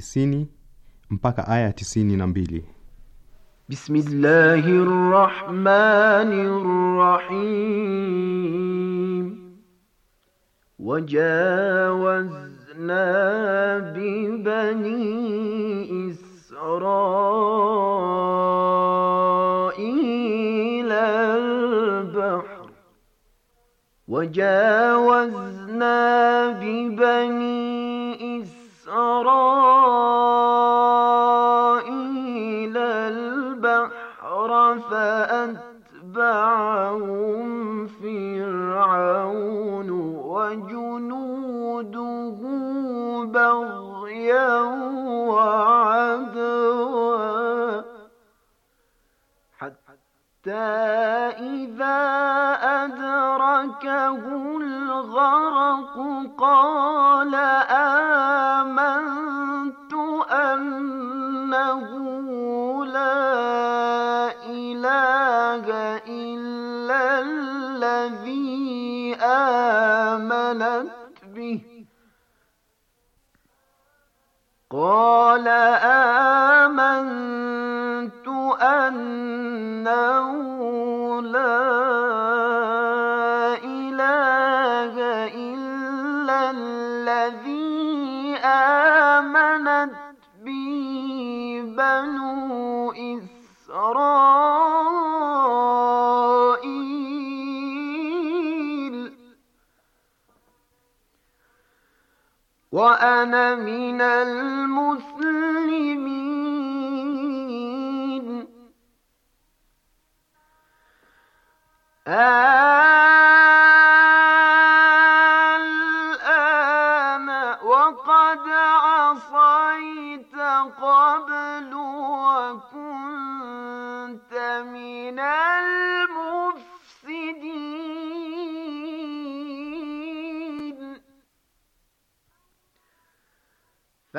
90 mpaka aya 92. Bismillahir Rahmanir Rahim. Wajaa البحر فأتبعهم فرعون وجنوده بغيا وعدوا حتى إذا أدركه الغرق قال آمنت أنه قال كان من المسلمين آه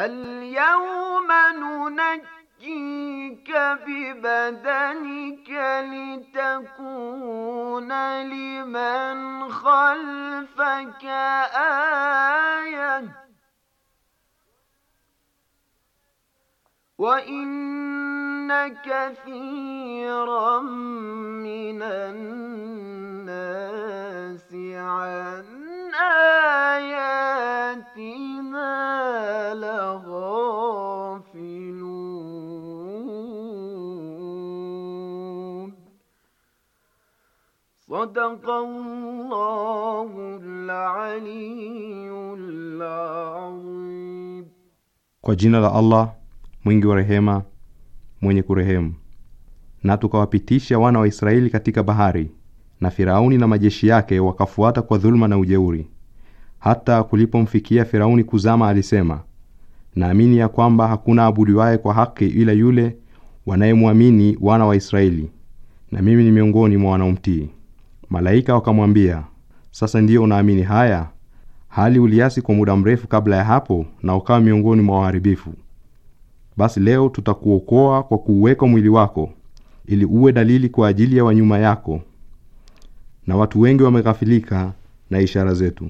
فاليوم ننجيك ببدنك لتكون لمن خلفك آية وإن كثيرا من الناس عن آيات Kwa jina la Allah mwingi wa rehema mwenye kurehemu. Na tukawapitisha wana wa Israeli katika bahari, na Firauni na majeshi yake wakafuata kwa dhuluma na ujeuri. Hata kulipomfikia Firauni kuzama, alisema naamini ya kwamba hakuna abudiwaye kwa haki ila yule wanayemwamini wana wa Israeli, na mimi ni miongoni mwa wanaomtii. Malaika wakamwambia, sasa ndiyo unaamini haya, hali uliasi kwa muda mrefu kabla ya hapo, na ukawa miongoni mwa waharibifu. Basi leo tutakuokoa kwa kuuweka mwili wako, ili uwe dalili kwa ajili ya wanyuma yako, na watu wengi wameghafilika na ishara zetu.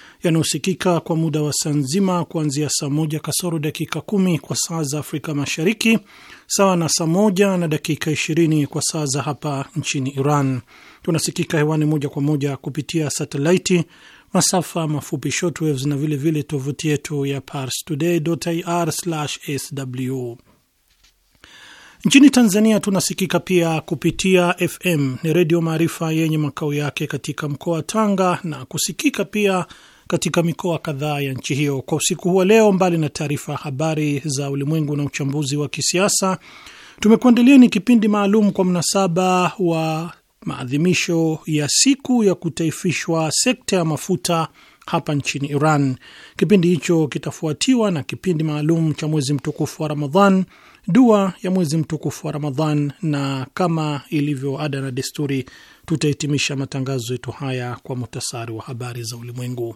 yanayosikika kwa muda wa saa nzima kuanzia saa moja kasoro dakika kumi kwa saa za Afrika Mashariki, sawa na saa moja na dakika ishirini kwa saa za hapa nchini Iran. Tunasikika hewani moja kwa moja kupitia satelaiti, masafa mafupi shortwaves na vilevile tovuti yetu ya parstoday.ir/sw. Nchini Tanzania tunasikika pia kupitia FM ni Redio Maarifa yenye makao yake katika mkoa wa Tanga na kusikika pia katika mikoa kadhaa ya nchi hiyo. Kwa usiku huo leo, mbali na taarifa ya habari za ulimwengu na uchambuzi wa kisiasa, tumekuandalia ni kipindi maalum kwa mnasaba wa maadhimisho ya siku ya kutaifishwa sekta ya mafuta hapa nchini Iran. Kipindi hicho kitafuatiwa na kipindi maalum cha mwezi mtukufu wa Ramadhan, dua ya mwezi mtukufu wa Ramadhan, na kama ilivyo ada na desturi, tutahitimisha matangazo yetu haya kwa muhtasari wa habari za ulimwengu.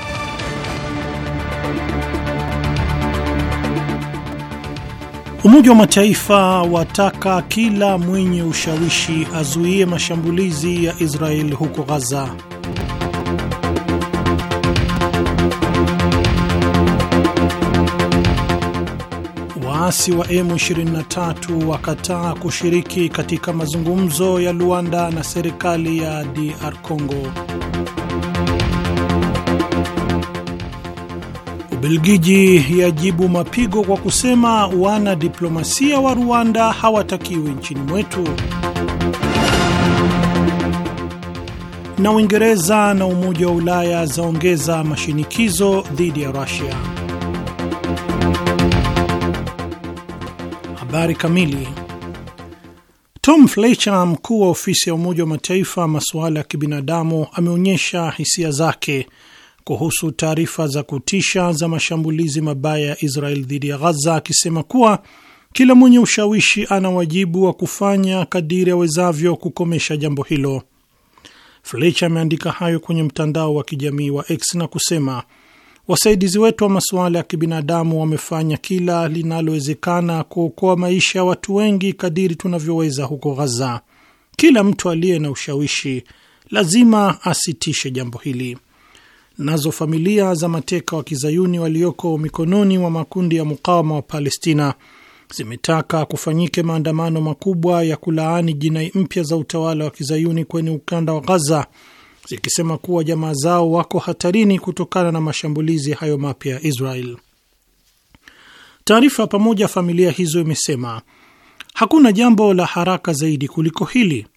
Umoja wa Mataifa wataka kila mwenye ushawishi azuie mashambulizi ya israel huko Gaza. Waasi wa M23 wakataa kushiriki katika mazungumzo ya Luanda na serikali ya DR Congo. Ubelgiji yajibu mapigo kwa kusema wana diplomasia wa Rwanda hawatakiwi nchini mwetu. Na Uingereza na Umoja wa Ulaya zaongeza mashinikizo dhidi ya Russia. Habari kamili. Tom Fletcher, mkuu wa ofisi ya Umoja wa Mataifa masuala ya kibinadamu, ameonyesha hisia zake kuhusu taarifa za kutisha za mashambulizi mabaya ya Israel dhidi ya Ghaza akisema kuwa kila mwenye ushawishi ana wajibu wa kufanya kadiri awezavyo kukomesha jambo hilo. Fletcher ameandika hayo kwenye mtandao wa kijamii wa X na kusema wasaidizi wetu wa masuala ya kibinadamu wamefanya kila linalowezekana kuokoa maisha ya watu wengi kadiri tunavyoweza huko Ghaza. Kila mtu aliye na ushawishi lazima asitishe jambo hili. Nazo familia za mateka wa kizayuni walioko mikononi mwa makundi ya mukawama wa Palestina zimetaka kufanyike maandamano makubwa ya kulaani jinai mpya za utawala wa kizayuni kwenye ukanda wa Ghaza, zikisema kuwa jamaa zao wako hatarini kutokana na mashambulizi hayo mapya ya Israel. Taarifa pamoja familia hizo imesema hakuna jambo la haraka zaidi kuliko hili.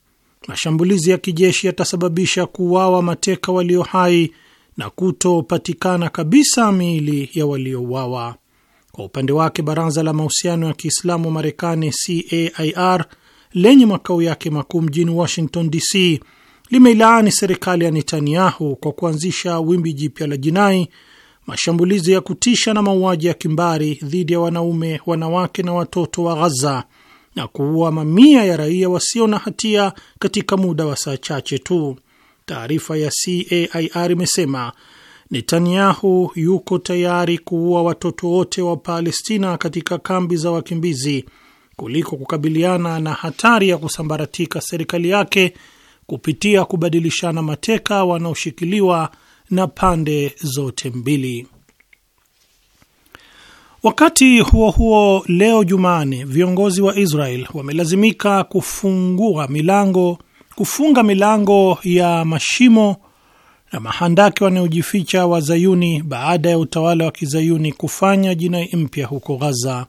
Mashambulizi ya kijeshi yatasababisha kuuawa mateka walio hai na kutopatikana kabisa miili ya waliouawa. Kwa upande wake, baraza la mahusiano ya Kiislamu Marekani CAIR lenye makao yake makuu mjini Washington DC limeilaani serikali ya Netanyahu kwa kuanzisha wimbi jipya la jinai, mashambulizi ya kutisha na mauaji ya kimbari dhidi ya wanaume, wanawake na watoto wa Ghaza na kuua mamia ya raia wasio na hatia katika muda wa saa chache tu. Taarifa ya CAIR imesema Netanyahu yuko tayari kuua watoto wote wa Palestina katika kambi za wakimbizi kuliko kukabiliana na hatari ya kusambaratika serikali yake kupitia kubadilishana mateka wanaoshikiliwa na pande zote mbili. Wakati huo huo, leo Jumane, viongozi wa Israel wamelazimika kufungua milango kufunga milango ya mashimo na mahandaki wanayojificha wazayuni baada ya utawala wa kizayuni kufanya jinai mpya huko Ghaza.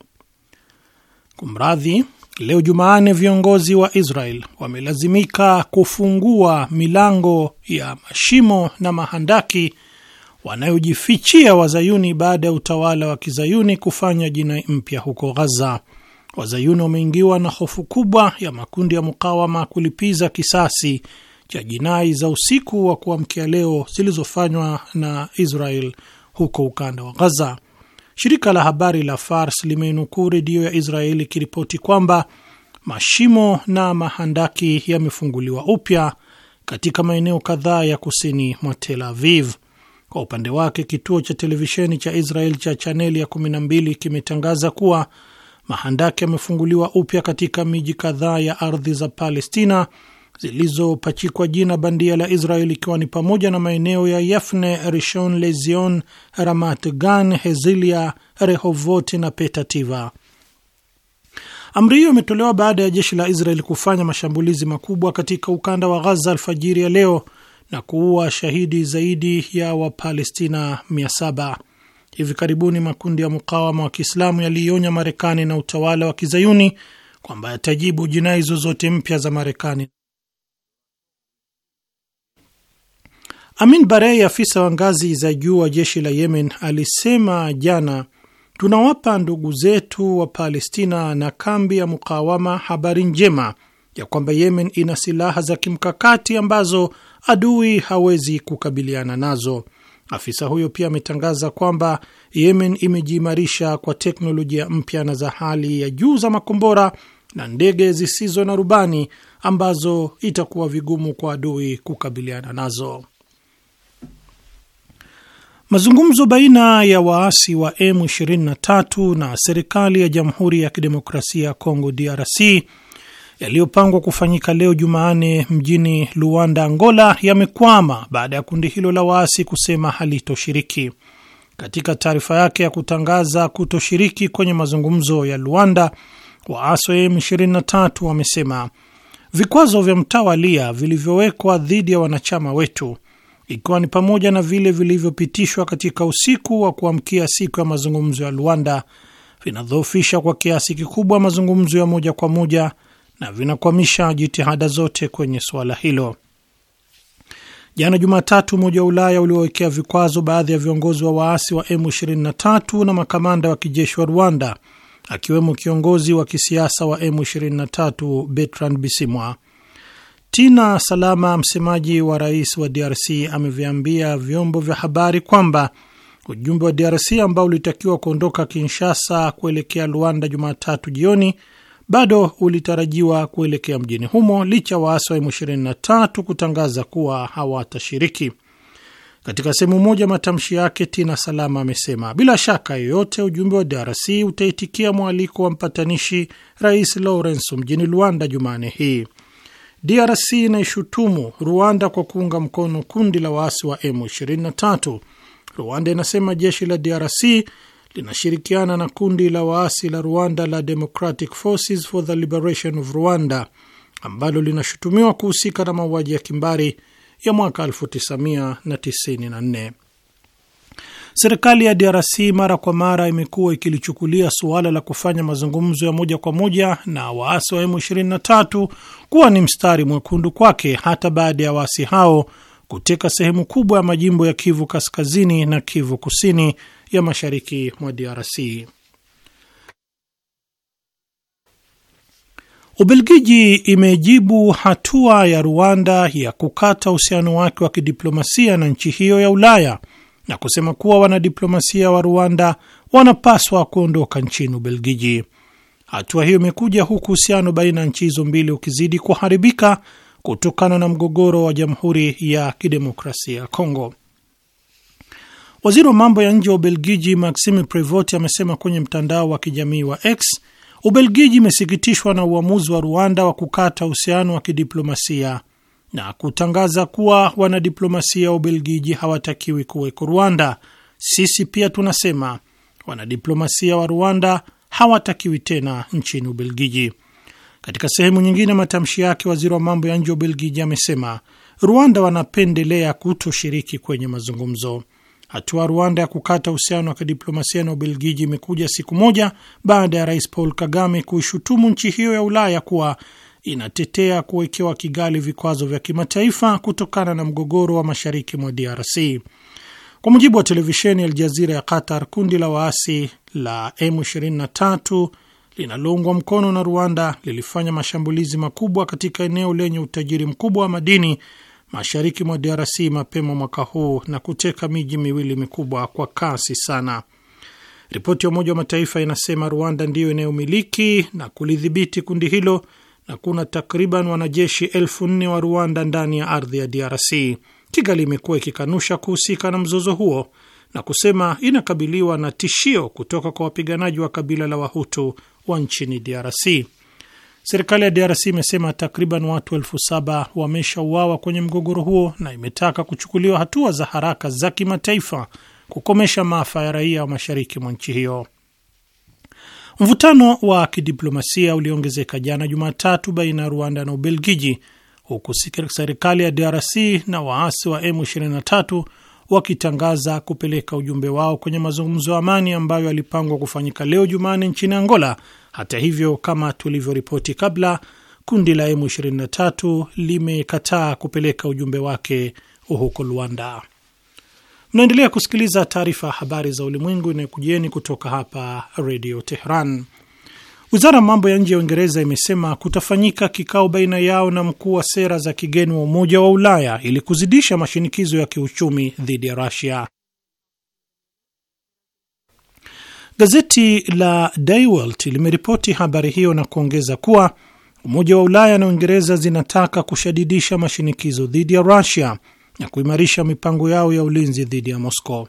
Kumradhi, leo Jumanne viongozi wa Israel wamelazimika kufungua milango ya mashimo na mahandaki wanayojifichia wazayuni baada ya utawala wa kizayuni kufanya jinai mpya huko Ghaza. Wazayuni wameingiwa na hofu kubwa ya makundi ya mukawama kulipiza kisasi cha jinai za usiku wa kuamkia leo zilizofanywa na Israel huko ukanda wa Gaza. Shirika la habari la Fars limeinukuu redio ya israel ikiripoti kwamba mashimo na mahandaki yamefunguliwa upya katika maeneo kadhaa ya kusini mwa Tel Aviv. Kwa upande wake, kituo cha televisheni cha Israel cha chaneli ya 12 kimetangaza kuwa mahandaki yamefunguliwa upya katika miji kadhaa ya ardhi za Palestina zilizopachikwa jina bandia la Israel, ikiwa ni pamoja na maeneo ya Yafne, Rishon Lezion, Ramat Gan, Hezilia, Rehovot na Petativa. Amri hiyo imetolewa baada ya jeshi la Israel kufanya mashambulizi makubwa katika ukanda wa Ghaza alfajiri ya leo na kuua shahidi zaidi ya Wapalestina 700. Hivi karibuni makundi ya mukawama wa Kiislamu yaliionya Marekani na utawala wa kizayuni kwamba yatajibu jinai zozote mpya za Marekani. Amin Barei, afisa wa ngazi za juu wa jeshi la Yemen, alisema jana, tunawapa ndugu zetu wa Palestina na kambi ya mukawama habari njema ya kwamba Yemen ina silaha za kimkakati ambazo adui hawezi kukabiliana nazo. Afisa huyo pia ametangaza kwamba Yemen imejiimarisha kwa teknolojia mpya na za hali ya juu za makombora na ndege zisizo na rubani ambazo itakuwa vigumu kwa adui kukabiliana nazo. Mazungumzo baina ya waasi wa M23 na serikali ya Jamhuri ya Kidemokrasia ya Kongo DRC yaliyopangwa kufanyika leo Jumanne mjini Luanda, Angola, yamekwama baada ya kundi hilo la waasi kusema halitoshiriki. Katika taarifa yake ya kutangaza kutoshiriki kwenye mazungumzo ya Luanda, waasi wa M23 wamesema vikwazo vya mtawalia vilivyowekwa dhidi ya wanachama wetu ikiwa ni pamoja na vile vilivyopitishwa katika usiku wa kuamkia siku ya mazungumzo ya Luanda vinadhoofisha kwa kiasi kikubwa mazungumzo ya moja kwa moja na vinakwamisha jitihada zote kwenye suala hilo. Jana Jumatatu, Umoja wa Ulaya uliowekea vikwazo baadhi ya viongozi wa waasi wa M23 na makamanda wa kijeshi wa Rwanda, akiwemo kiongozi wa kisiasa wa M23 Bertrand Bisimwa. Tina Salama, msemaji wa rais wa DRC, ameviambia vyombo vya habari kwamba ujumbe wa DRC ambao ulitakiwa kuondoka Kinshasa kuelekea Luanda Jumatatu jioni bado ulitarajiwa kuelekea mjini humo licha waasi wa M23 kutangaza kuwa hawatashiriki. Katika sehemu moja matamshi yake, Tina Salama amesema bila shaka yoyote ujumbe wa DRC utaitikia mwaliko wa mpatanishi Rais Laurensu mjini Luanda Jumane hii. DRC inaishutumu Rwanda kwa kuunga mkono kundi la waasi wa M23. Rwanda inasema jeshi la DRC linashirikiana na kundi la waasi la Rwanda la Democratic Forces for the Liberation of Rwanda ambalo linashutumiwa kuhusika na mauaji ya kimbari ya mwaka 1994. Serikali ya DRC mara kwa mara imekuwa ikilichukulia suala la kufanya mazungumzo ya moja kwa moja na waasi wa M23 kuwa ni mstari mwekundu kwake hata baada ya waasi hao kuteka sehemu kubwa ya majimbo ya Kivu Kaskazini na Kivu Kusini ya mashariki mwa DRC. Ubelgiji imejibu hatua ya Rwanda ya kukata uhusiano wake wa kidiplomasia na nchi hiyo ya Ulaya na kusema kuwa wanadiplomasia wa Rwanda wanapaswa kuondoka nchini Ubelgiji. Hatua hiyo imekuja huku uhusiano baina ya nchi hizo mbili ukizidi kuharibika kutokana na mgogoro wa Jamhuri ya Kidemokrasia ya Kongo. Waziri wa mambo ya nje wa Ubelgiji Maxime Prevot amesema kwenye mtandao wa kijamii wa X, Ubelgiji imesikitishwa na uamuzi wa Rwanda wa kukata uhusiano wa kidiplomasia na kutangaza kuwa wanadiplomasia wa Ubelgiji hawatakiwi kuweko Rwanda. Sisi pia tunasema wanadiplomasia wa Rwanda hawatakiwi tena nchini Ubelgiji. Katika sehemu nyingine matamshi yake, waziri wa mambo ya nje wa Ubelgiji amesema Rwanda wanapendelea kutoshiriki kwenye mazungumzo. Hatua Rwanda ya kukata uhusiano wa kidiplomasia na Ubelgiji imekuja siku moja baada ya rais Paul Kagame kuishutumu nchi hiyo ya Ulaya kuwa inatetea kuwekewa Kigali vikwazo vya kimataifa kutokana na mgogoro wa mashariki mwa DRC. Kwa mujibu wa televisheni ya Aljazira ya Qatar, kundi la waasi la M23 linaloungwa mkono na Rwanda lilifanya mashambulizi makubwa katika eneo lenye utajiri mkubwa wa madini mashariki mwa DRC mapema mwaka huu na kuteka miji miwili mikubwa kwa kasi sana. Ripoti ya Umoja wa Mataifa inasema Rwanda ndiyo inayomiliki na kulidhibiti kundi hilo na kuna takriban wanajeshi elfu nne wa Rwanda ndani ya ardhi ya DRC. Kigali imekuwa ikikanusha kuhusika na mzozo huo na kusema inakabiliwa na tishio kutoka kwa wapiganaji wa kabila la Wahutu wa nchini DRC. Serikali ya DRC imesema takriban watu elfu saba wameshauawa kwenye mgogoro huo na imetaka kuchukuliwa hatua za haraka za kimataifa kukomesha maafa ya raia wa mashariki mwa nchi hiyo. Mvutano wa kidiplomasia uliongezeka jana Jumatatu baina ya Rwanda na Ubelgiji, huku serikali ya DRC na waasi wa M23 wakitangaza kupeleka ujumbe wao kwenye mazungumzo ya amani ambayo yalipangwa kufanyika leo Jumane nchini Angola. Hata hivyo, kama tulivyoripoti kabla, kundi la M23 limekataa kupeleka ujumbe wake huko Luanda. Mnaendelea kusikiliza taarifa ya habari za ulimwengu inayokujieni kutoka hapa Redio teheran Wizara ya mambo ya nje ya Uingereza imesema kutafanyika kikao baina yao na mkuu wa sera za kigeni wa Umoja wa Ulaya ili kuzidisha mashinikizo ya kiuchumi dhidi ya Rusia. Gazeti la Die Welt limeripoti habari hiyo na kuongeza kuwa Umoja wa Ulaya na Uingereza zinataka kushadidisha mashinikizo dhidi ya Rusia na kuimarisha mipango yao ya ulinzi dhidi ya Moscow.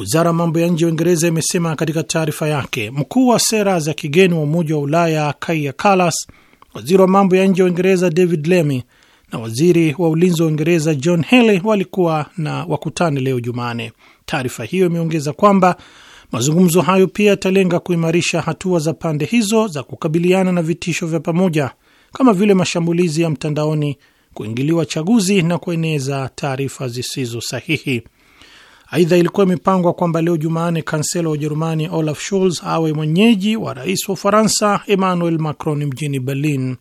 Wizara ya mambo ya nje ya Uingereza imesema katika taarifa yake, mkuu wa sera za kigeni wa Umoja wa Ulaya kaia Kallas, waziri wa mambo ya nje wa Uingereza David Lammy na waziri wa ulinzi wa Uingereza John Healey walikuwa na wakutani leo jumane Taarifa hiyo imeongeza kwamba mazungumzo hayo pia yatalenga kuimarisha hatua za pande hizo za kukabiliana na vitisho vya pamoja kama vile mashambulizi ya mtandaoni, kuingiliwa chaguzi na kueneza taarifa zisizo sahihi. Aidha, ilikuwa imepangwa kwamba leo Jumanne kansela wa Ujerumani Olaf Scholz awe mwenyeji wa rais wa Ufaransa Emmanuel Macron mjini Berlin.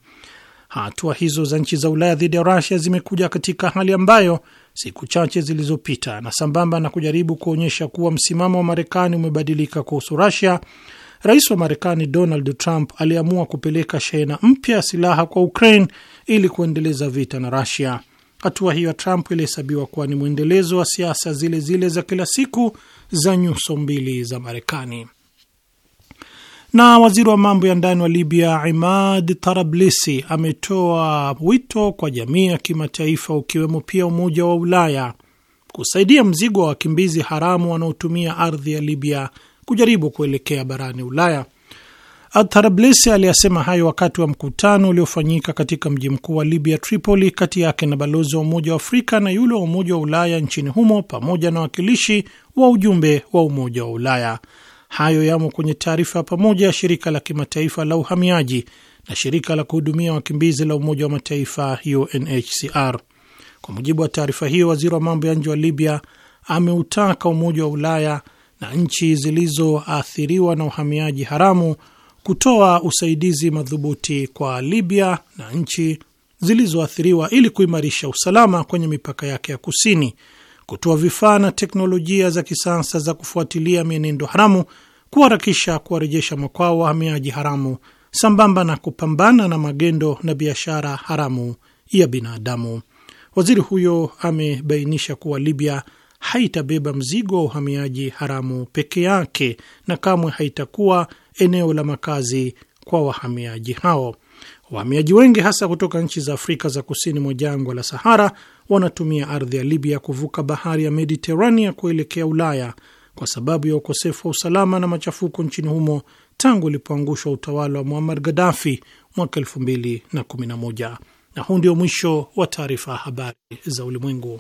Hatua hizo za nchi za Ulaya dhidi ya Rusia zimekuja katika hali ambayo siku chache zilizopita, na sambamba na kujaribu kuonyesha kuwa msimamo wa Marekani umebadilika kuhusu Rusia, rais wa Marekani Donald Trump aliamua kupeleka shehena mpya ya silaha kwa Ukraine ili kuendeleza vita na Rusia. Hatua hiyo ya Trump ilihesabiwa kuwa ni mwendelezo wa siasa zile zile za kila siku za nyuso mbili za Marekani. Na waziri wa mambo ya ndani wa Libya Imad Tarablisi ametoa wito kwa jamii ya kimataifa, ukiwemo pia Umoja wa Ulaya, kusaidia mzigo wa wakimbizi haramu wanaotumia ardhi ya Libya kujaribu kuelekea barani Ulaya. Atharablese aliyasema hayo wakati wa mkutano uliofanyika katika mji mkuu wa Libya, Tripoli, kati yake na balozi wa Umoja wa Afrika na yule wa Umoja wa Ulaya nchini humo pamoja na wakilishi wa ujumbe wa Umoja wa Ulaya. Hayo yamo kwenye taarifa ya pamoja ya shirika la kimataifa la uhamiaji na shirika la kuhudumia wakimbizi la Umoja wa Mataifa, UNHCR. Kwa mujibu wa taarifa hiyo, waziri wa mambo ya nje wa Libya ameutaka Umoja wa Ulaya na nchi zilizoathiriwa na uhamiaji haramu kutoa usaidizi madhubuti kwa Libya na nchi zilizoathiriwa ili kuimarisha usalama kwenye mipaka yake ya kusini, kutoa vifaa na teknolojia za kisasa za kufuatilia mienendo haramu, kuharakisha kuwarejesha makwao wahamiaji haramu, sambamba na kupambana na magendo na biashara haramu ya binadamu. Waziri huyo amebainisha kuwa Libya haitabeba mzigo wa uhamiaji haramu peke yake na kamwe haitakuwa eneo la makazi kwa wahamiaji hao. Wahamiaji wengi hasa kutoka nchi za Afrika za kusini mwa jangwa la Sahara wanatumia ardhi ya Libya kuvuka bahari ya Mediterania kuelekea Ulaya kwa sababu ya ukosefu wa usalama na machafuko nchini humo tangu ulipoangushwa utawala wa Muammar Gaddafi mwaka 2011. Na huu ndio mwisho wa taarifa ya habari za ulimwengu.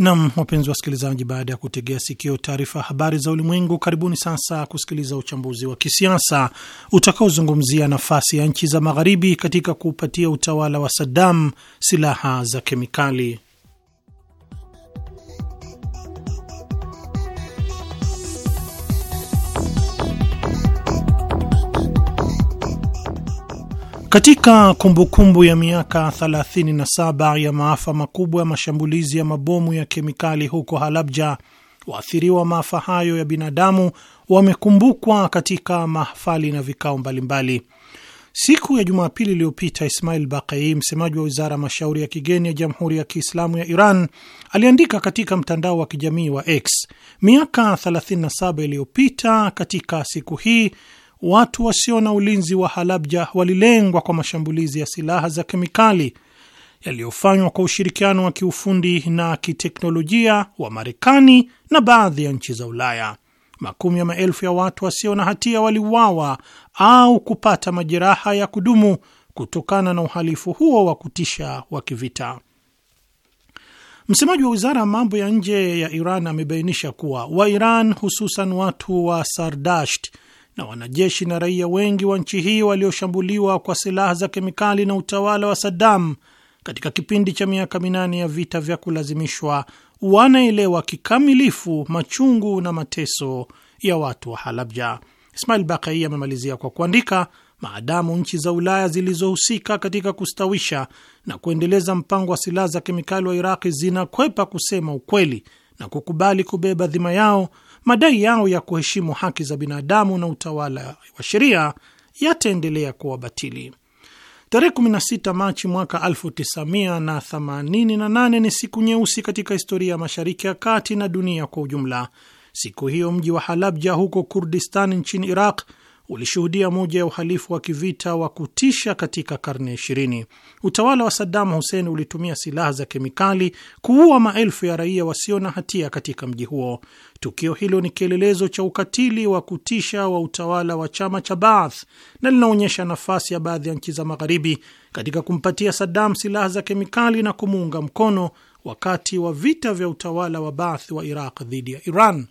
Nam, wapenzi wa wasikilizaji, baada ya kutegea sikio taarifa habari za ulimwengu, karibuni sasa kusikiliza uchambuzi wa kisiasa utakaozungumzia nafasi ya nchi za magharibi katika kuupatia utawala wa Saddam silaha za kemikali. Katika kumbukumbu ya miaka 37 ya maafa makubwa ya mashambulizi ya mabomu ya kemikali huko Halabja, waathiriwa maafa hayo ya binadamu wamekumbukwa katika mahafali na vikao mbalimbali. Siku ya Jumapili iliyopita, Ismail Baqei, msemaji wa wizara ya mashauri ya kigeni ya Jamhuri ya Kiislamu ya Iran, aliandika katika mtandao wa kijamii wa X, miaka 37 iliyopita katika siku hii watu wasio na ulinzi wa Halabja walilengwa kwa mashambulizi ya silaha za kemikali yaliyofanywa kwa ushirikiano wa kiufundi na kiteknolojia wa Marekani na baadhi ya nchi za Ulaya. Makumi ya maelfu ya watu wasio na hatia waliuawa au kupata majeraha ya kudumu kutokana na uhalifu huo wa kutisha wa kivita. Msemaji wa wizara ya mambo ya nje ya Iran amebainisha kuwa Wairan, hususan watu wa Sardasht, na wanajeshi na raia wengi wa nchi hii walioshambuliwa kwa silaha za kemikali na utawala wa Saddam katika kipindi cha miaka minane ya vita vya kulazimishwa wanaelewa kikamilifu machungu na mateso ya watu wa Halabja. Ismail Bakai amemalizia kwa kuandika, maadamu nchi za Ulaya zilizohusika katika kustawisha na kuendeleza mpango wa silaha za kemikali wa Iraqi zinakwepa kusema ukweli na kukubali kubeba dhima yao madai yao ya kuheshimu haki za binadamu na utawala wa sheria yataendelea kuwa batili. Tarehe 16 Machi mwaka 1988 ni siku nyeusi katika historia ya Mashariki ya Kati na dunia kwa ujumla. Siku hiyo mji wa Halabja huko Kurdistan nchini Iraq ulishuhudia moja ya uhalifu wa kivita wa kutisha katika karne ya ishirini. Utawala wa Saddam Hussein ulitumia silaha za kemikali kuua maelfu ya raia wasio na hatia katika mji huo. Tukio hilo ni kielelezo cha ukatili wa kutisha wa utawala wa chama cha Baath na linaonyesha nafasi ya baadhi ya nchi za Magharibi katika kumpatia Saddam silaha za kemikali na kumuunga mkono wakati wa vita vya utawala wa Baath wa Iraq dhidi ya Iran.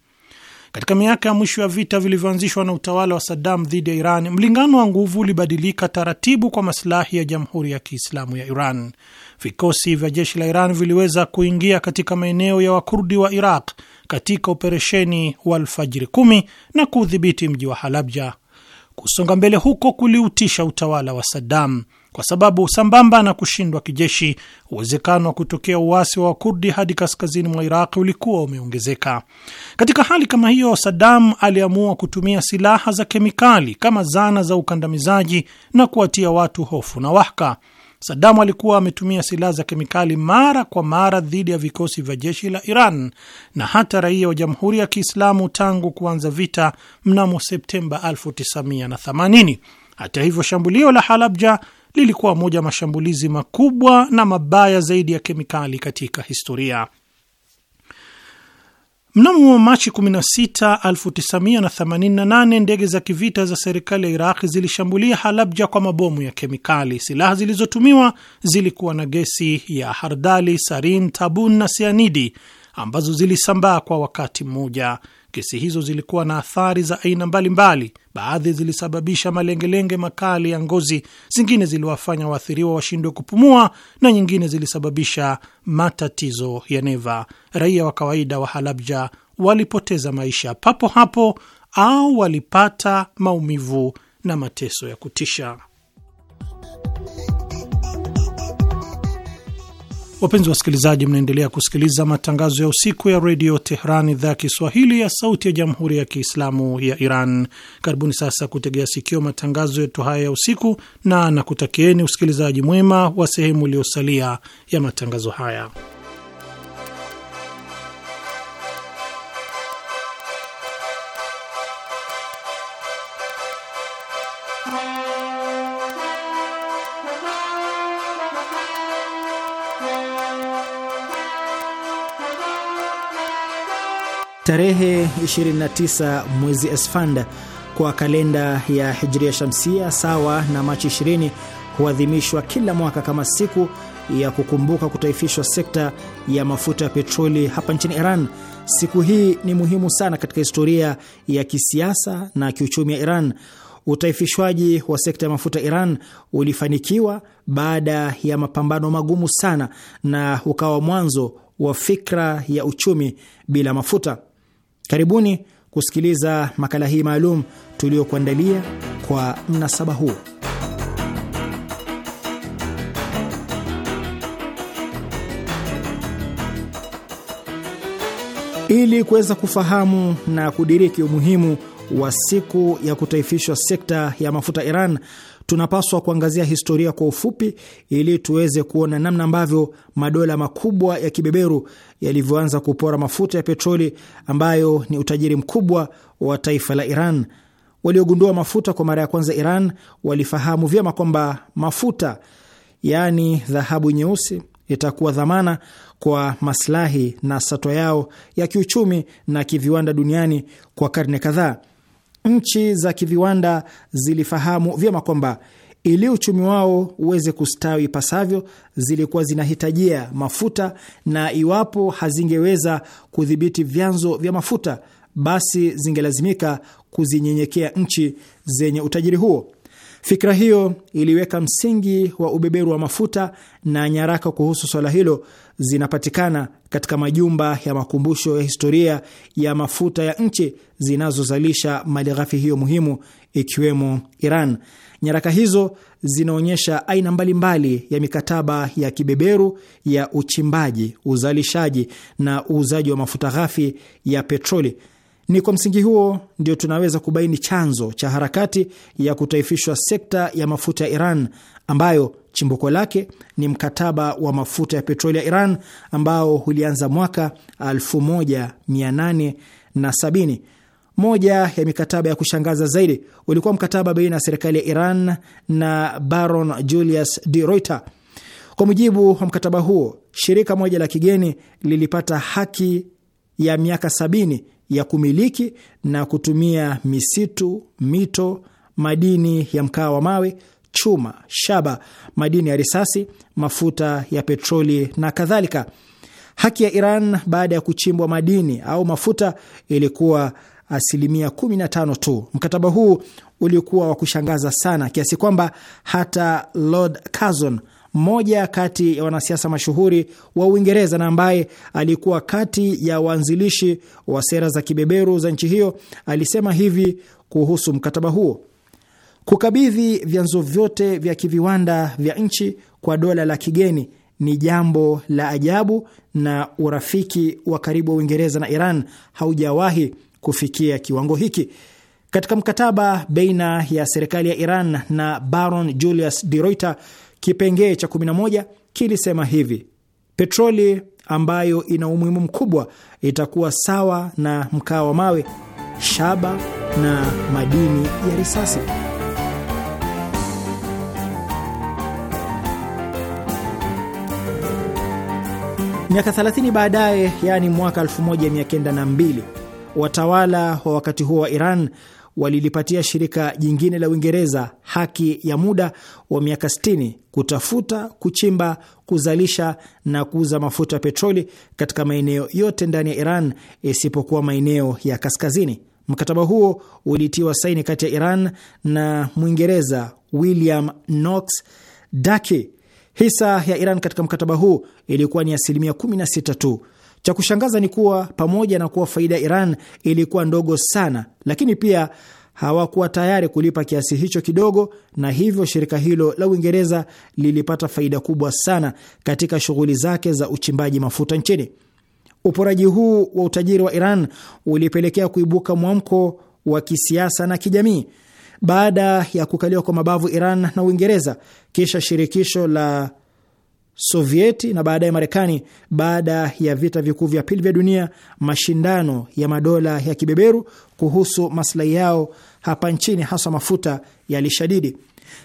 Katika miaka ya mwisho ya vita vilivyoanzishwa na utawala wa Saddam dhidi ya Iran, mlingano wa nguvu ulibadilika taratibu kwa masilahi ya Jamhuri ya Kiislamu ya Iran. Vikosi vya jeshi la Iran viliweza kuingia katika maeneo ya Wakurdi wa Iraq katika operesheni wa Alfajiri kumi na kuudhibiti mji wa Halabja. Kusonga mbele huko kuliutisha utawala wa Saddam kwa sababu sambamba na kushindwa kijeshi, uwezekano wa kutokea uasi wa Wakurdi hadi kaskazini mwa Iraq ulikuwa umeongezeka. Katika hali kama hiyo, Sadam aliamua kutumia silaha za kemikali kama zana za ukandamizaji na kuwatia watu hofu na wahka. Sadamu alikuwa ametumia silaha za kemikali mara kwa mara dhidi ya vikosi vya jeshi la Iran na hata raia wa Jamhuri ya Kiislamu tangu kuanza vita mnamo Septemba 1980. Hata hivyo, shambulio la Halabja lilikuwa moja mashambulizi makubwa na mabaya zaidi ya kemikali katika historia. Mnamo Machi 16, 1988 ndege za kivita za serikali ya Iraq zilishambulia Halabja kwa mabomu ya kemikali. Silaha zilizotumiwa zilikuwa na gesi ya hardali, sarin, tabun na sianidi ambazo zilisambaa kwa wakati mmoja. Gesi hizo zilikuwa na athari za aina mbalimbali, Baadhi zilisababisha malengelenge makali ya ngozi, zingine ziliwafanya waathiriwa washindwe kupumua, na nyingine zilisababisha matatizo ya neva. Raia wa kawaida wa Halabja walipoteza maisha papo hapo au walipata maumivu na mateso ya kutisha. Wapenzi wasikilizaji, mnaendelea kusikiliza matangazo ya usiku ya redio Tehran, idhaa ya Kiswahili ya sauti ya jamhuri ya kiislamu ya Iran. Karibuni sasa kutegea sikio matangazo yetu haya ya usiku, na nakutakieni usikilizaji mwema wa sehemu iliyosalia ya matangazo haya. tarehe 29 mwezi Esfanda kwa kalenda ya Hijria Shamsia, sawa na Machi 20, huadhimishwa kila mwaka kama siku ya kukumbuka kutaifishwa sekta ya mafuta ya petroli hapa nchini Iran. Siku hii ni muhimu sana katika historia ya kisiasa na kiuchumi ya Iran. Utaifishwaji wa sekta ya mafuta Iran ulifanikiwa baada ya mapambano magumu sana na ukawa mwanzo wa fikra ya uchumi bila mafuta. Karibuni kusikiliza makala hii maalum tuliyokuandalia kwa mnasaba huu. Ili kuweza kufahamu na kudiriki umuhimu wa siku ya kutaifishwa sekta ya mafuta Iran, tunapaswa kuangazia historia kwa ufupi ili tuweze kuona namna ambavyo madola makubwa ya kibeberu yalivyoanza kupora mafuta ya petroli ambayo ni utajiri mkubwa wa taifa la Iran. Waliogundua mafuta kwa mara ya kwanza Iran walifahamu vyema kwamba mafuta, yaani dhahabu nyeusi, itakuwa dhamana kwa maslahi na satwa yao ya kiuchumi na kiviwanda duniani kwa karne kadhaa. Nchi za kiviwanda zilifahamu vyema kwamba ili uchumi wao uweze kustawi ipasavyo, zilikuwa zinahitajia mafuta, na iwapo hazingeweza kudhibiti vyanzo vya mafuta, basi zingelazimika kuzinyenyekea nchi zenye utajiri huo. Fikra hiyo iliweka msingi wa ubeberu wa mafuta na nyaraka kuhusu swala hilo zinapatikana katika majumba ya makumbusho ya historia ya mafuta ya nchi zinazozalisha malighafi hiyo muhimu ikiwemo Iran. Nyaraka hizo zinaonyesha aina mbalimbali mbali ya mikataba ya kibeberu ya uchimbaji, uzalishaji na uuzaji wa mafuta ghafi ya petroli. Ni kwa msingi huo ndio tunaweza kubaini chanzo cha harakati ya kutaifishwa sekta ya mafuta ya Iran ambayo Chimbuko lake ni mkataba wa mafuta ya petroli ya Iran ambao ulianza mwaka 1870. Moja ya mikataba ya kushangaza zaidi ulikuwa mkataba baina ya serikali ya Iran na Baron Julius de Reuter. Kwa mujibu wa mkataba huo, shirika moja la kigeni lilipata haki ya miaka sabini ya kumiliki na kutumia misitu, mito, madini ya mkaa wa mawe, chuma, shaba, madini ya risasi, mafuta ya petroli na kadhalika. Haki ya Iran baada ya kuchimbwa madini au mafuta ilikuwa asilimia 15 tu. Mkataba huu ulikuwa wa kushangaza sana kiasi kwamba hata Lord Curzon, mmoja kati ya wanasiasa mashuhuri wa Uingereza na ambaye alikuwa kati ya waanzilishi wa sera za kibeberu za nchi hiyo, alisema hivi kuhusu mkataba huo: Kukabidhi vyanzo vyote vya kiviwanda vya nchi kwa dola la kigeni ni jambo la ajabu, na urafiki wa karibu wa Uingereza na Iran haujawahi kufikia kiwango hiki. Katika mkataba baina ya serikali ya Iran na Baron Julius de Reuter, kipengee cha 11 kilisema hivi: petroli ambayo ina umuhimu mkubwa itakuwa sawa na mkaa wa mawe, shaba na madini ya risasi. Miaka 30 baadaye, yaani mwaka 1902, watawala wa wakati huo wa Iran walilipatia shirika jingine la Uingereza haki ya muda wa miaka 60 kutafuta, kuchimba, kuzalisha na kuuza mafuta ya petroli katika maeneo yote ndani ya Iran isipokuwa maeneo ya kaskazini. Mkataba huo ulitiwa saini kati ya Iran na Mwingereza William Knox daki Hisa ya Iran katika mkataba huu ilikuwa ni asilimia 16 tu. Cha kushangaza ni kuwa pamoja na kuwa faida ya Iran ilikuwa ndogo sana, lakini pia hawakuwa tayari kulipa kiasi hicho kidogo, na hivyo shirika hilo la Uingereza lilipata faida kubwa sana katika shughuli zake za uchimbaji mafuta nchini. Uporaji huu wa utajiri wa Iran ulipelekea kuibuka mwamko wa kisiasa na kijamii baada ya kukaliwa kwa mabavu Iran na Uingereza, kisha shirikisho la Sovieti na baadaye Marekani baada ya vita vikuu vya pili vya dunia, mashindano ya madola ya kibeberu kuhusu maslahi yao hapa nchini, haswa mafuta yalishadidi.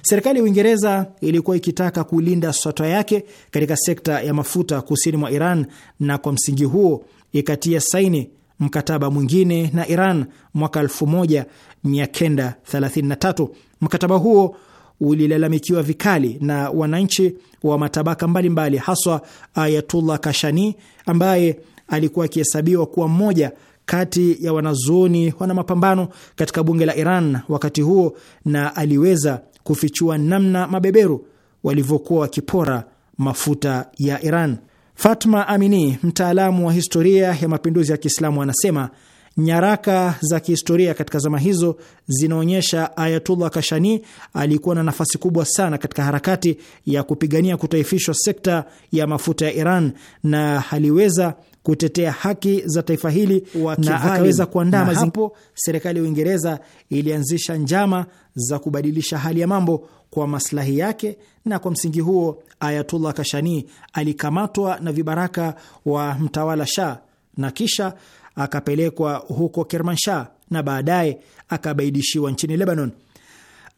Serikali ya Uingereza ilikuwa ikitaka kulinda swata yake katika sekta ya mafuta kusini mwa Iran, na kwa msingi huo ikatia saini mkataba mwingine na Iran mwaka 1933. Mkataba huo ulilalamikiwa vikali na wananchi wa matabaka mbalimbali, haswa Ayatullah Kashani ambaye alikuwa akihesabiwa kuwa mmoja kati ya wanazuoni wana mapambano katika bunge la Iran wakati huo, na aliweza kufichua namna mabeberu walivyokuwa wakipora mafuta ya Iran. Fatma Amini, mtaalamu wa historia ya mapinduzi ya Kiislamu, anasema nyaraka za kihistoria katika zama hizo zinaonyesha Ayatullah Kashani alikuwa na nafasi kubwa sana katika harakati ya kupigania kutaifishwa sekta ya mafuta ya Iran na aliweza kutetea haki za taifa hili na akaweza kuandaa mazingira. serikali ya Uingereza ilianzisha njama za kubadilisha hali ya mambo kwa maslahi yake, na kwa msingi huo Ayatullah Kashani alikamatwa na vibaraka wa mtawala Shah na kisha akapelekwa huko Kermanshah na baadaye akabaidishiwa nchini Lebanon.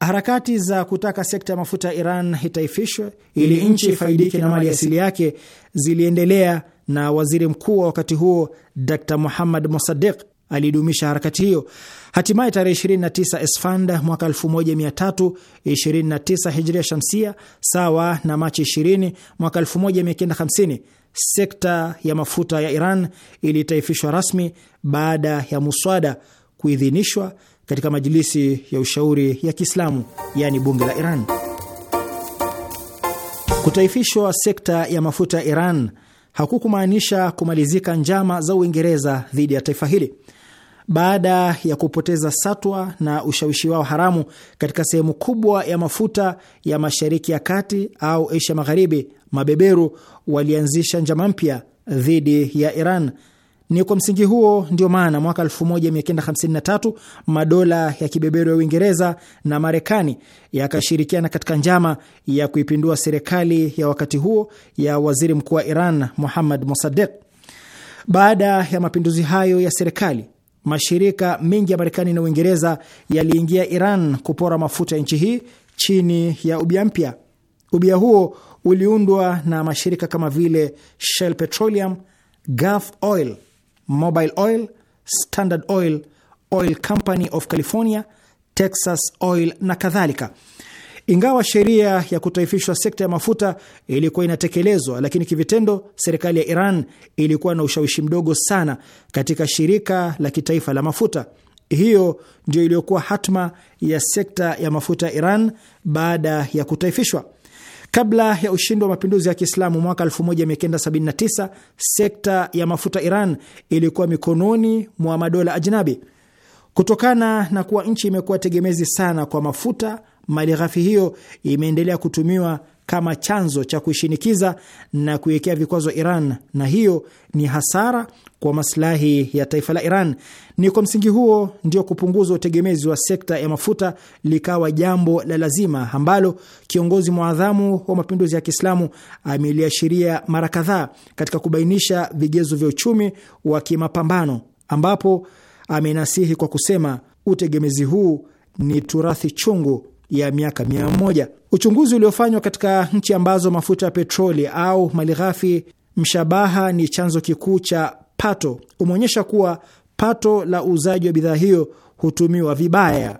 Harakati za kutaka sekta ya mafuta ya Iran itaifishwe ili nchi ifaidike na mali asili yake ziliendelea na waziri mkuu wa wakati huo Dr Muhammad Mosadiq alidumisha harakati hiyo. Hatimaye tarehe 29 Esfanda mwaka 1329 Hijria Shamsia, sawa na Machi 20 mwaka 1950, sekta ya mafuta ya Iran ilitaifishwa rasmi baada ya muswada kuidhinishwa katika Majilisi ya Ushauri ya Kiislamu, yaani bunge la Iran. Kutaifishwa sekta ya mafuta ya Iran hakukumaanisha kumalizika njama za Uingereza dhidi ya taifa hili. Baada ya kupoteza satwa na ushawishi wao haramu katika sehemu kubwa ya mafuta ya Mashariki ya Kati au Asia Magharibi, mabeberu walianzisha njama mpya dhidi ya Iran. Ni kwa msingi huo ndio maana mwaka 1953 madola ya kibeberu ya Uingereza na Marekani yakashirikiana katika njama ya kuipindua serikali ya wakati huo ya waziri mkuu wa Iran Muhammad Mossadegh. Baada ya mapinduzi hayo ya serikali, mashirika mengi ya Marekani na Uingereza yaliingia Iran kupora mafuta ya nchi hii chini ya ubia mpya. Ubia huo uliundwa na mashirika kama vile Shell Petroleum, Gulf Oil Mobile Oil, Standard Oil, Oil Company of California, Texas Oil na kadhalika. Ingawa sheria ya kutaifishwa sekta ya mafuta ilikuwa inatekelezwa, lakini kivitendo serikali ya Iran ilikuwa na ushawishi mdogo sana katika shirika la kitaifa la mafuta. Hiyo ndio iliyokuwa hatma ya sekta ya mafuta ya Iran baada ya kutaifishwa. Kabla ya ushindi wa mapinduzi ya Kiislamu mwaka 1979, sekta ya mafuta Iran ilikuwa mikononi mwa madola ajnabi. Kutokana na kuwa nchi imekuwa tegemezi sana kwa mafuta, mali ghafi hiyo imeendelea kutumiwa kama chanzo cha kuishinikiza na kuiwekea vikwazo Iran, na hiyo ni hasara kwa maslahi ya taifa la Iran. Ni kwa msingi huo ndio kupunguza utegemezi wa sekta ya mafuta likawa jambo la lazima ambalo kiongozi mwadhamu wa mapinduzi ya Kiislamu ameliashiria mara kadhaa katika kubainisha vigezo vya uchumi wa kimapambano, ambapo amenasihi kwa kusema utegemezi huu ni turathi chungu ya miaka mia moja. Uchunguzi uliofanywa katika nchi ambazo mafuta ya petroli au malighafi mshabaha ni chanzo kikuu cha pato umeonyesha kuwa pato la uuzaji wa bidhaa hiyo hutumiwa vibaya.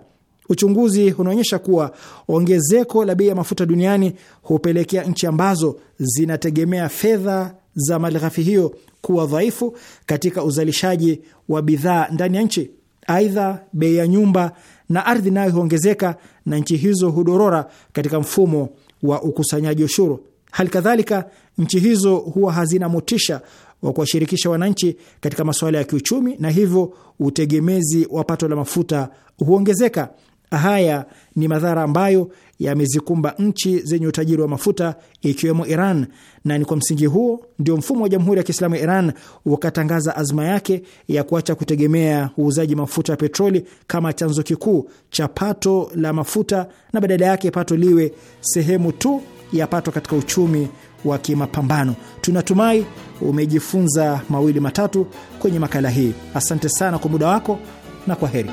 Uchunguzi unaonyesha kuwa ongezeko la bei ya mafuta duniani hupelekea nchi ambazo zinategemea fedha za malighafi hiyo kuwa dhaifu katika uzalishaji wa bidhaa ndani ya nchi. Aidha, bei ya nyumba na ardhi nayo huongezeka na nchi hizo hudorora katika mfumo wa ukusanyaji ushuru. Hali kadhalika, nchi hizo huwa hazina motisha wa kuwashirikisha wananchi katika masuala ya kiuchumi na hivyo utegemezi wa pato la mafuta huongezeka. Haya ni madhara ambayo yamezikumba nchi zenye utajiri wa mafuta ikiwemo Iran, na ni kwa msingi huo ndio mfumo wa Jamhuri ya Kiislamu ya Iran ukatangaza azma yake ya kuacha kutegemea uuzaji mafuta ya petroli kama chanzo kikuu cha pato la mafuta, na badala yake pato liwe sehemu tu ya pato katika uchumi wa kimapambano. Tunatumai umejifunza mawili matatu kwenye makala hii. Asante sana kwa muda wako na kwa heri.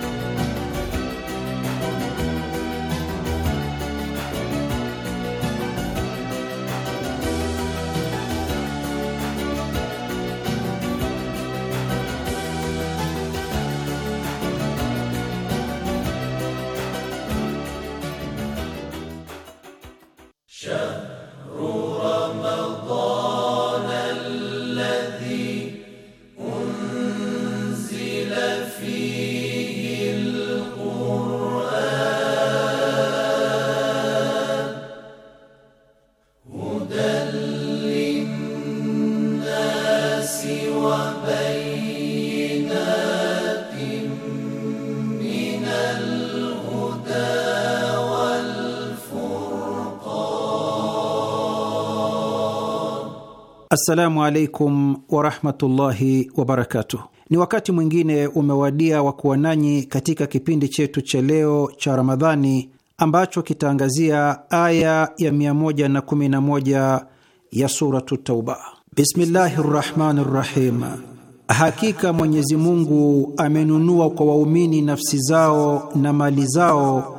Assalamu alaikum warahmatullahi wabarakatuh. Ni wakati mwingine umewadia wa kuwa nanyi katika kipindi chetu cha leo cha Ramadhani ambacho kitaangazia aya ya 111 ya Suratu Tauba. Bismillahi rrahmani rrahim, hakika Mwenyezi Mungu amenunua kwa waumini nafsi zao na mali zao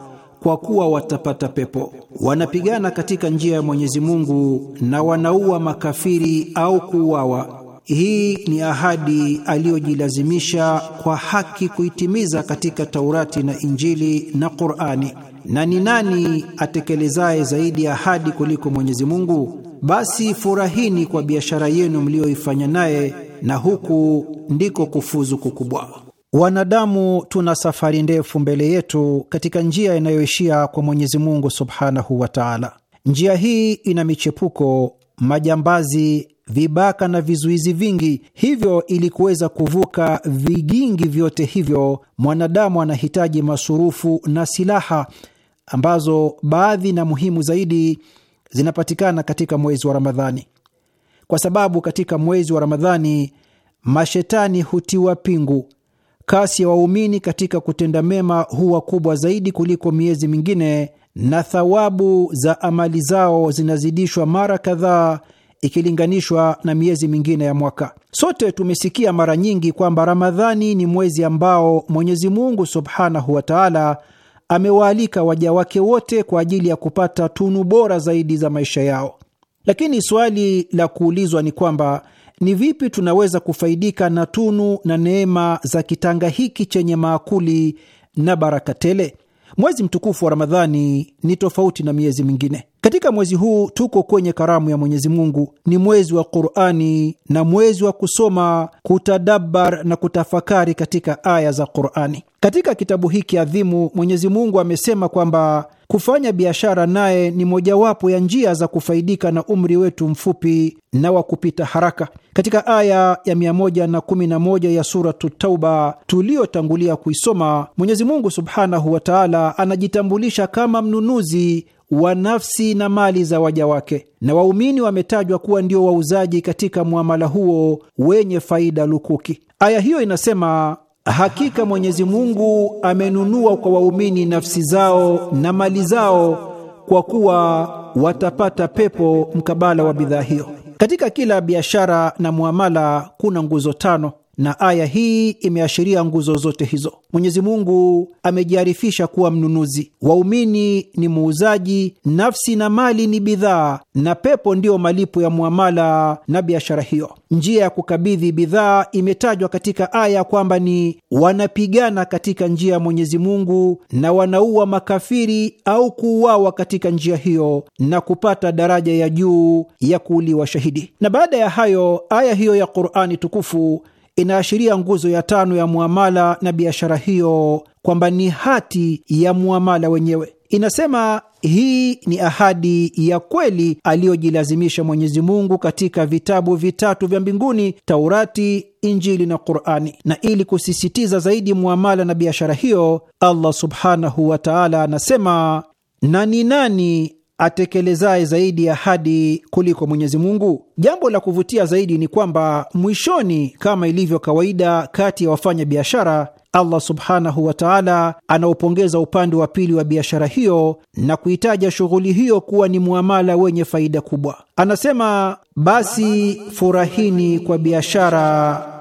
kwa kuwa watapata pepo. Wanapigana katika njia ya Mwenyezi Mungu na wanaua makafiri au kuuawa. Hii ni ahadi aliyojilazimisha kwa haki kuitimiza katika Taurati na Injili na Qur'ani. Na ni nani atekelezaye zaidi ahadi kuliko Mwenyezi Mungu? Basi furahini kwa biashara yenu mliyoifanya naye, na huku ndiko kufuzu kukubwa. Wanadamu tuna safari ndefu mbele yetu katika njia inayoishia kwa Mwenyezi Mungu subhanahu wa taala. Njia hii ina michepuko, majambazi, vibaka na vizuizi vingi. Hivyo, ili kuweza kuvuka vigingi vyote hivyo, mwanadamu anahitaji masurufu na silaha ambazo baadhi na muhimu zaidi zinapatikana katika mwezi wa Ramadhani, kwa sababu katika mwezi wa Ramadhani mashetani hutiwa pingu kasi ya waumini katika kutenda mema huwa kubwa zaidi kuliko miezi mingine, na thawabu za amali zao zinazidishwa mara kadhaa ikilinganishwa na miezi mingine ya mwaka. Sote tumesikia mara nyingi kwamba Ramadhani ni mwezi ambao Mwenyezi Mungu subhanahu wa taala amewaalika waja wake wote kwa ajili ya kupata tunu bora zaidi za maisha yao, lakini swali la kuulizwa ni kwamba ni vipi tunaweza kufaidika na tunu na neema za kitanga hiki chenye maakuli na baraka tele? Mwezi mtukufu wa Ramadhani ni tofauti na miezi mingine. Katika mwezi huu tuko kwenye karamu ya Mwenyezi Mungu, ni mwezi wa Qurani na mwezi wa kusoma, kutadabbar na kutafakari katika aya za Qurani. Katika kitabu hiki adhimu, Mwenyezi Mungu amesema kwamba kufanya biashara naye ni mojawapo ya njia za kufaidika na umri wetu mfupi na wa kupita haraka. Katika aya ya 111 ya Suratu Tauba tuliyotangulia kuisoma, Mwenyezi Mungu subhanahu wa taala anajitambulisha kama mnunuzi wa nafsi na mali za waja wake, na waumini wametajwa kuwa ndio wauzaji katika mwamala huo wenye faida lukuki. Aya hiyo inasema Hakika Mwenyezi Mungu amenunua kwa waumini nafsi zao na mali zao kwa kuwa watapata pepo mkabala wa bidhaa hiyo. Katika kila biashara na muamala kuna nguzo tano na aya hii imeashiria nguzo zote hizo. Mwenyezi Mungu amejiarifisha kuwa mnunuzi, waumini ni muuzaji, nafsi na mali ni bidhaa, na pepo ndiyo malipo ya muamala na biashara hiyo. Njia ya kukabidhi bidhaa imetajwa katika aya kwamba ni wanapigana katika njia ya Mwenyezi Mungu na wanaua makafiri au kuuawa katika njia hiyo na kupata daraja ya juu ya kuuliwa shahidi. Na baada ya hayo aya hiyo ya Qur'ani tukufu inaashiria nguzo ya tano ya muamala na biashara hiyo, kwamba ni hati ya muamala wenyewe. Inasema hii ni ahadi ya kweli aliyojilazimisha Mwenyezi Mungu katika vitabu vitatu vya mbinguni, Taurati, Injili na Qurani. Na ili kusisitiza zaidi muamala na biashara hiyo, Allah subhanahu wa taala anasema, na ni nani atekelezaye zaidi ahadi kuliko Mwenyezi Mungu. Jambo la kuvutia zaidi ni kwamba mwishoni, kama ilivyo kawaida kati ya wafanya biashara, Allah subhanahu wa taala anaupongeza upande wa pili wa biashara hiyo na kuitaja shughuli hiyo kuwa ni muamala wenye faida kubwa. Anasema, basi furahini kwa biashara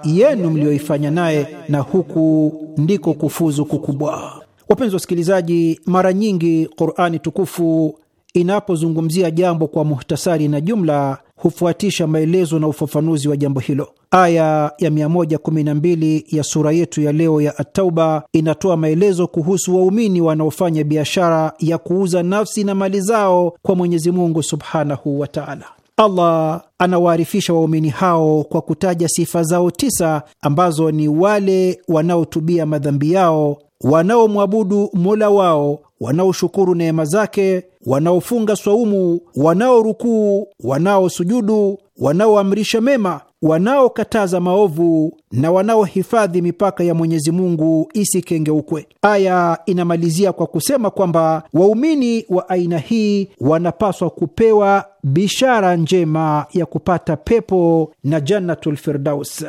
yenu mliyoifanya naye, na huku ndiko kufuzu kukubwa. Wapenzi wasikilizaji, mara nyingi Qurani tukufu inapozungumzia jambo kwa muhtasari na jumla hufuatisha maelezo na ufafanuzi wa jambo hilo. Aya ya 112 ya sura yetu ya leo ya Atauba inatoa maelezo kuhusu waumini wanaofanya biashara ya kuuza nafsi na mali zao kwa Mwenyezi Mungu subhanahu wa taala. Allah anawaarifisha waumini hao kwa kutaja sifa zao tisa ambazo ni wale wanaotubia madhambi yao, wanaomwabudu mola wao, wanaoshukuru neema zake wanaofunga swaumu, wanaorukuu, wanaosujudu, wanaoamrisha mema, wanaokataza maovu na wanaohifadhi mipaka ya Mwenyezi Mungu isikengeukwe. Aya inamalizia kwa kusema kwamba waumini wa aina hii wanapaswa kupewa bishara njema ya kupata pepo na Jannatul Firdaus.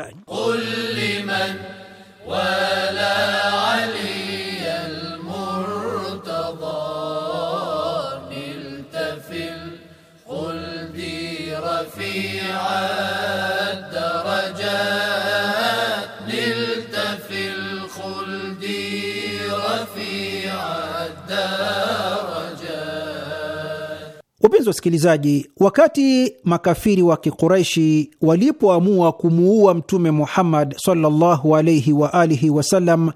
upenzi wa wasikilizaji, wakati makafiri wa Kikuraishi walipoamua kumuua Mtume Muhammad sallallahu alaihi waalihi wasallam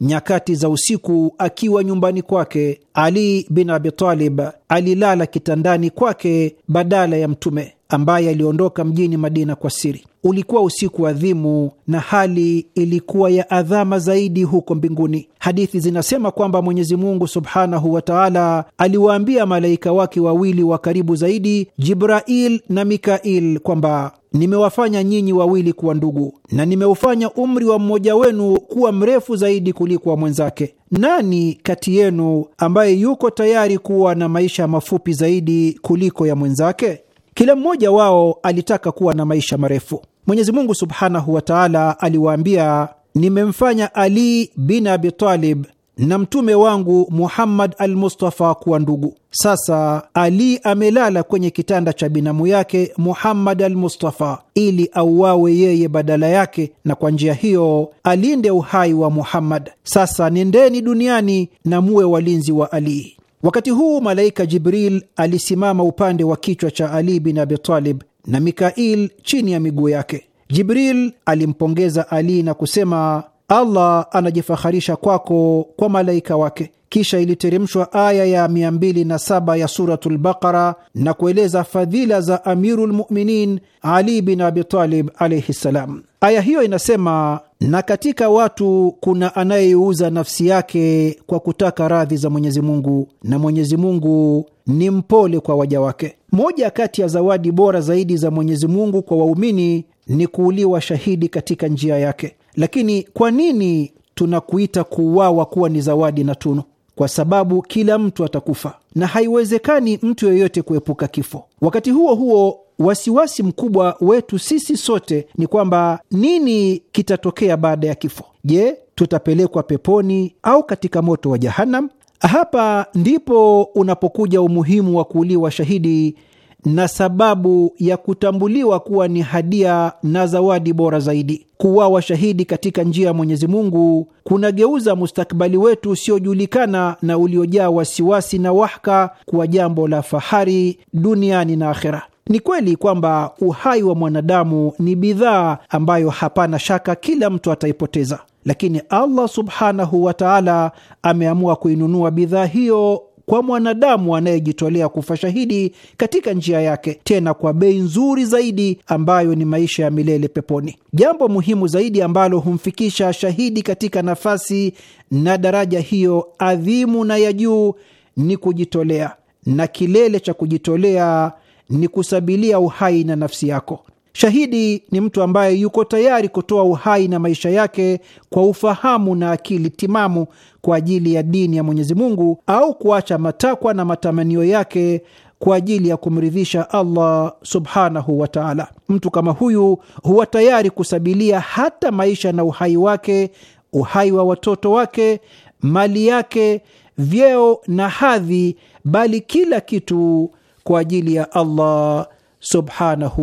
nyakati za usiku akiwa nyumbani kwake, Ali bin Abi Talib alilala kitandani kwake badala ya Mtume ambaye aliondoka mjini Madina kwa siri. Ulikuwa usiku adhimu na hali ilikuwa ya adhama zaidi huko mbinguni. Hadithi zinasema kwamba Mwenyezi Mungu subhanahu wa taala aliwaambia malaika wake wawili wa karibu zaidi, Jibrail na Mikail, kwamba nimewafanya nyinyi wawili kuwa ndugu, na nimeufanya umri wa mmoja wenu kuwa mrefu zaidi kuliko wa mwenzake. Nani kati yenu ambaye yuko tayari kuwa na maisha mafupi zaidi kuliko ya mwenzake? Kila mmoja wao alitaka kuwa na maisha marefu. Mwenyezi Mungu subhanahu wa taala aliwaambia, nimemfanya Ali bin Abi Talib na mtume wangu Muhammad al-Mustafa kuwa ndugu. Sasa Ali amelala kwenye kitanda cha binamu yake Muhammad al-Mustafa ili auawe yeye badala yake, na kwa njia hiyo alinde uhai wa Muhammad. Sasa nendeni duniani na muwe walinzi wa Ali. Wakati huu malaika Jibril alisimama upande wa kichwa cha Ali bin Abi Talib na Mikail chini ya miguu yake. Jibril alimpongeza Ali na kusema Allah anajifaharisha kwako kwa malaika wake. Kisha iliteremshwa aya ya 207 ya Suratul Baqara na kueleza fadhila za Amirul Muminin Ali bin Abi Talib alaihi ssalam. Aya hiyo inasema, na katika watu kuna anayeiuza nafsi yake kwa kutaka radhi za Mwenyezi Mungu, na Mwenyezi Mungu ni mpole kwa waja wake. Moja kati ya zawadi bora zaidi za Mwenyezi Mungu kwa waumini ni kuuliwa shahidi katika njia yake. Lakini kwa nini tunakuita kuuawa kuwa ni zawadi na tunu? Kwa sababu kila mtu atakufa na haiwezekani mtu yeyote kuepuka kifo. Wakati huo huo, wasiwasi mkubwa wetu sisi sote ni kwamba nini kitatokea baada ya kifo? Je, tutapelekwa peponi au katika moto wa Jahanam? Hapa ndipo unapokuja umuhimu wa kuuliwa shahidi na sababu ya kutambuliwa kuwa ni hadia na zawadi bora zaidi. Kuwawa shahidi katika njia ya Mwenyezi Mungu kunageuza mustakbali wetu usiojulikana na uliojaa wasiwasi na wahka kuwa jambo la fahari duniani na akhera. Ni kweli kwamba uhai wa mwanadamu ni bidhaa ambayo hapana shaka kila mtu ataipoteza, lakini Allah subhanahu wa taala ameamua kuinunua bidhaa hiyo kwa mwanadamu anayejitolea kufa shahidi katika njia yake, tena kwa bei nzuri zaidi ambayo ni maisha ya milele peponi. Jambo muhimu zaidi ambalo humfikisha shahidi katika nafasi na daraja hiyo adhimu na ya juu ni kujitolea, na kilele cha kujitolea ni kusabilia uhai na nafsi yako. Shahidi ni mtu ambaye yuko tayari kutoa uhai na maisha yake kwa ufahamu na akili timamu kwa ajili ya dini ya Mwenyezi Mungu au kuacha matakwa na matamanio yake kwa ajili ya kumridhisha Allah subhanahu wa taala. Mtu kama huyu huwa tayari kusabilia hata maisha na uhai wake, uhai wa watoto wake, mali yake, vyeo na hadhi, bali kila kitu kwa ajili ya Allah سبحانه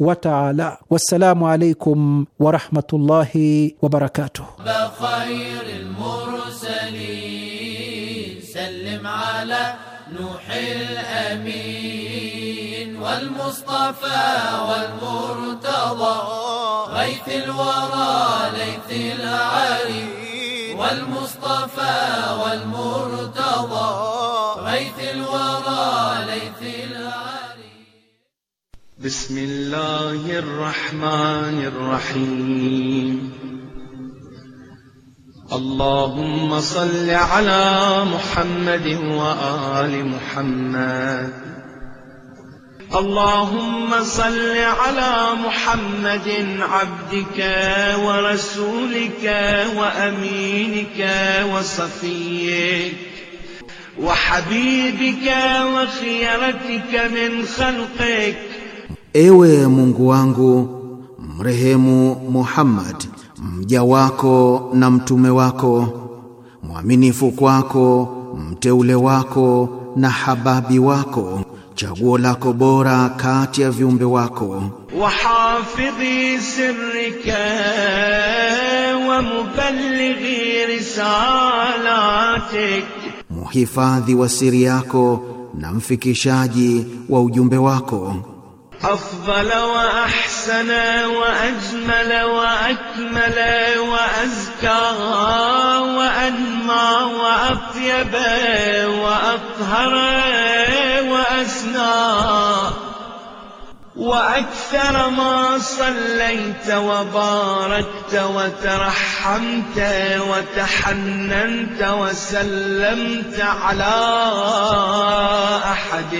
وتعالى والسلام عليكم ورحمه الله وبركاته بخير المرسلين سلم على نوح الامين والمصطفى والمرتضى غيث الورى ليث العري والمصطفى والمرتضى بسم الله الرحمن الرحيم اللهم صل على محمد وآل محمد اللهم صل على محمد عبدك ورسولك وأمينك وصفيك وحبيبك وخيرتك من خلقك Ewe Mungu wangu, mrehemu Muhammad mja wako na mtume wako mwaminifu kwako mteule wako na hababi wako chaguo lako bora kati ya viumbe wako. wahafidhi sirrika wa mubalighi risalatik, muhifadhi wa siri yako na mfikishaji wa ujumbe wako. أفضل وأحسن وأجمل وأكمل وأزكى وأنمى وأطيب وأطهر وأسنى وأكثر ما صليت وباركت وترحمت وتحننت وسلمت على أحدٍ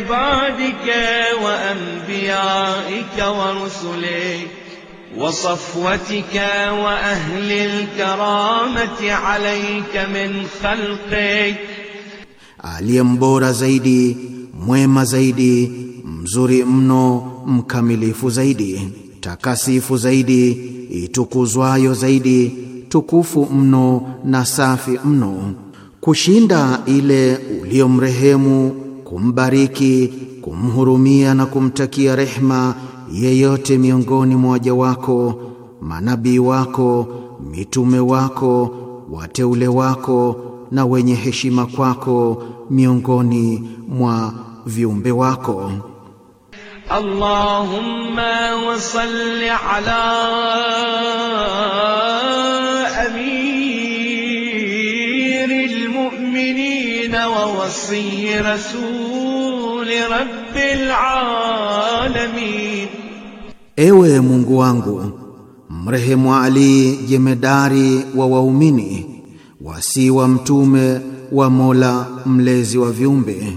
عبادك وأنبيائك ورسلك وصفوتك وأهل الكرامة عليك من خلقك aliye mbora zaidi, mwema zaidi, mzuri mno, mkamilifu zaidi, takasifu zaidi, itukuzwayo zaidi, tukufu mno na safi mno, kushinda ile uliomrehemu kumbariki, kumhurumia na kumtakia rehma yeyote miongoni mwa waja wako, manabii wako, mitume wako, wateule wako na wenye heshima kwako miongoni mwa viumbe wako. Allahumma wa salli ala amiril mu'minina wa wasi رسول رب العالمين Ewe Mungu wangu mrehemu Ali jemedari wa waumini wasi wa mtume wa Mola mlezi wa viumbe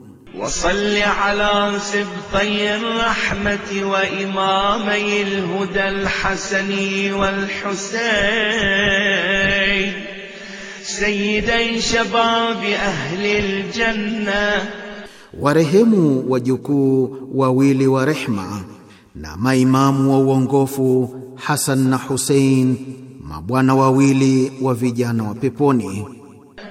وصل على سبطي الرحمة وإمامي الهدى الحسن والحسين سيدي شباب أهل الجنة warehemu wajukuu wawili wa rehma na maimamu wa uongofu Hasan na Husein, mabwana wawili wa vijana wa peponi.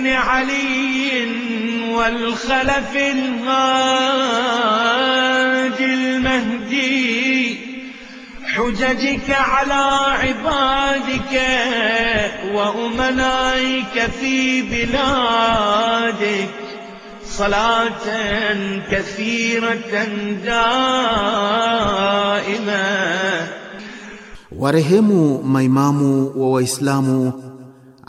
بن علي والخلف الهادي المهدي حججك على عبادك وأمنائك في بلادك صلاة كثيرة دائمة Warehemu maimamu wa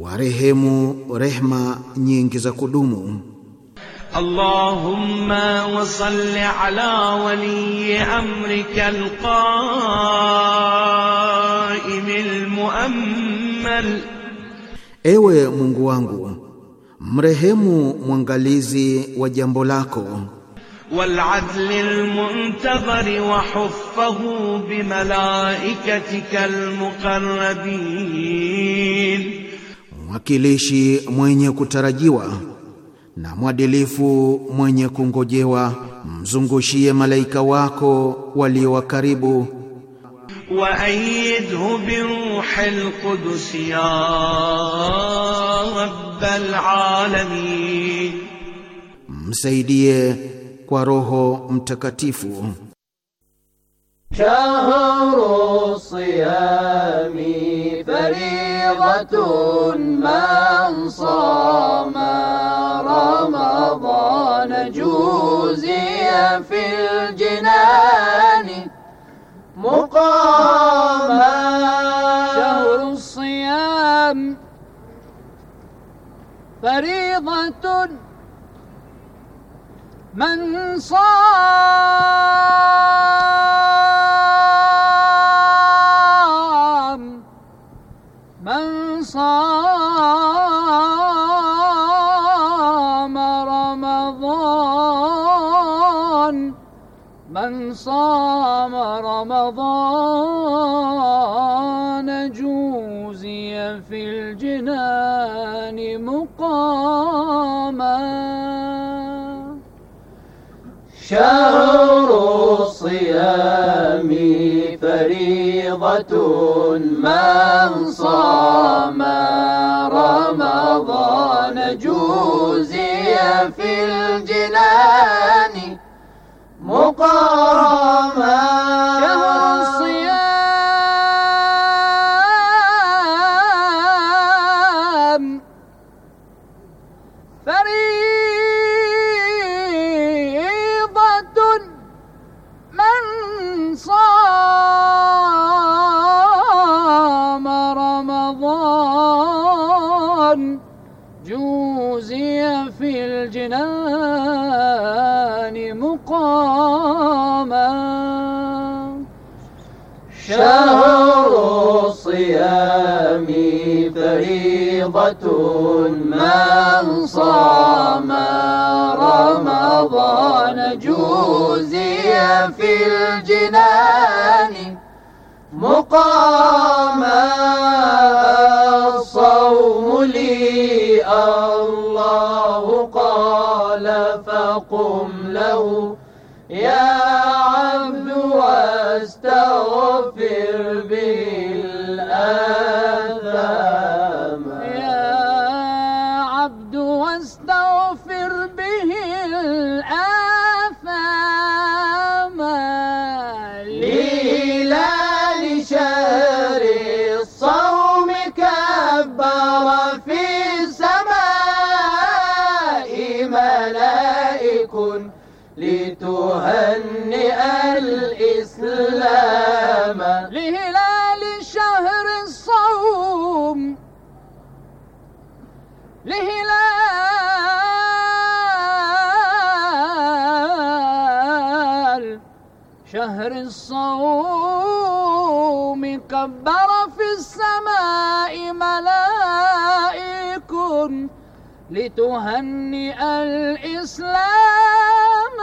warehemu rehma nyingi za kudumu. Allahumma wa salli ala wali amrika alqaim almuammal, Ewe Mungu wangu mrehemu mwangalizi wa jambo lako والعدل المنتظر وحفه بملائكتك المقربين mwakilishi mwenye kutarajiwa na mwadilifu mwenye kungojewa, mzungushie malaika wako walio wa karibu. Wa aidhu bi ruhil qudus ya rabbal alamin, msaidie kwa Roho Mtakatifu. shahru siyami فريضة من صام رمضان جوزي في الجنان مقاما شهر الصيام فريضة من صام من صام رمضان جوزي في الجنان مقرما فريضة من صام رمضان جوزي في الجنان مقام الصوم لي الله قال فقم له يا عبد واستغفر به လေး الصوم كبر في السماء ملائك لتهنئ الإسلام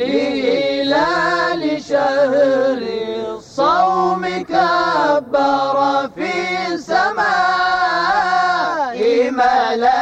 لهلال شهر الصوم كبر في السماء ملائك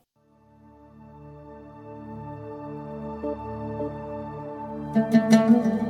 thank you